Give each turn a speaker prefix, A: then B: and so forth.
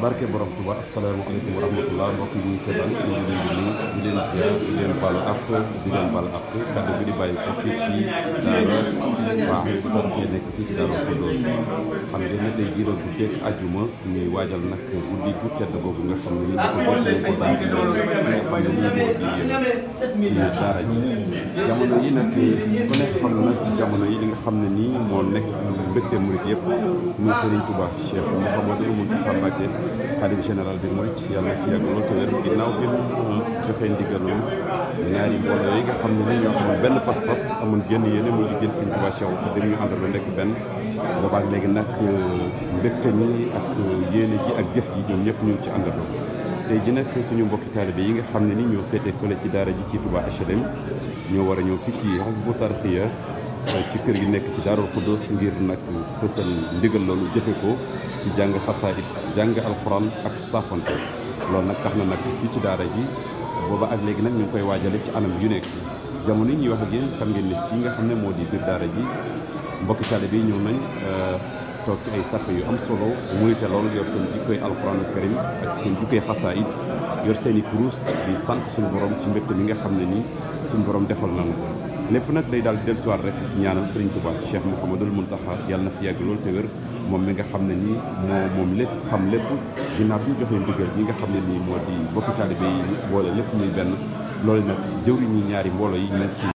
A: barke borom Tuuba asalaamaaleykum wa rahmatullah mbokk yi ñuy seetaan ñu ngi leen di nuyu di leen ziar di di leen baal ak kàddu bi di bàyyi ko fii ci daara waaw sport fii nekk fii ci daara Xuddoos xam ngeen ne tey
B: jii doon bu jëkk waajal nag guddi gu tedd nga xam ne ñu ko jot ko daan bàyyi suñu amee
A: sept mille ci daara ji jamono yi nag ku nekk xam na nag jamono yi li nga xam ne nii moo nekk mbégte murit yëpp muy Serigne Touba Cheikh Mouhamadou Mountakha Mbacké xalif général bi mooy yàlla na fi yàgg lool te wér ginnaaw bi mu joxee ndigal loolu ñaari mbooloo yi nga xam ne nii ñoo amoon benn pas-pas amoon génn yéene muy liggéeyal Serigne Touba Cheikh Khadim ñu àndal nekk benn boobaak léegi nag mbégte mi ak yéene ji ak jëf ji ñoom ñëpp ñu ci àndandoo tey ji nag suñu mbokki taalibe yi nga xam ne ni ñoo féete fële ci daara ji ci Touba HLM ñoo war a ñëw fii ci Hizbut Tarqiyyah ci kër gi nekk ci Daarul Xuddoos ngir nag fësal ndigal loolu jëfe ko ci jàng xasaayid jàng alxuraan ak saafonte loolu nag tax na nag fii ci daara ji booba ak léegi nag ñu ngi koy waajale ci anam yu nekk jamono yi ñuy wax ak yéen xam ngeen ne fii nga xam ne moo di biir daara ji mbokki taalibe yi ñëw nañ euh, toog ci ay sàppe yu am solo muy te loolu yor seen jikkoy alxuraan karim ak seen jikkoy xasaayid yor seeni i kurus di sant suñu borom ci mbégte mi nga xam ne nii suñu borom defal na ko lépp nag day daal di dellusiwaat rek ci ñaanal Serigne Touba Cheikh Mouhamadul Mountakha yàlla na fi yàgg loolu te wér moom mi nga xam ne nii moo moom lépp xam lépp
B: ginnaaw bi ñu joxee ndigal ñi nga xam ne nii moo di bokki taalibe yi boole lépp muy benn loolu nag jëwriñ ñaari mbooloo yi ñu ci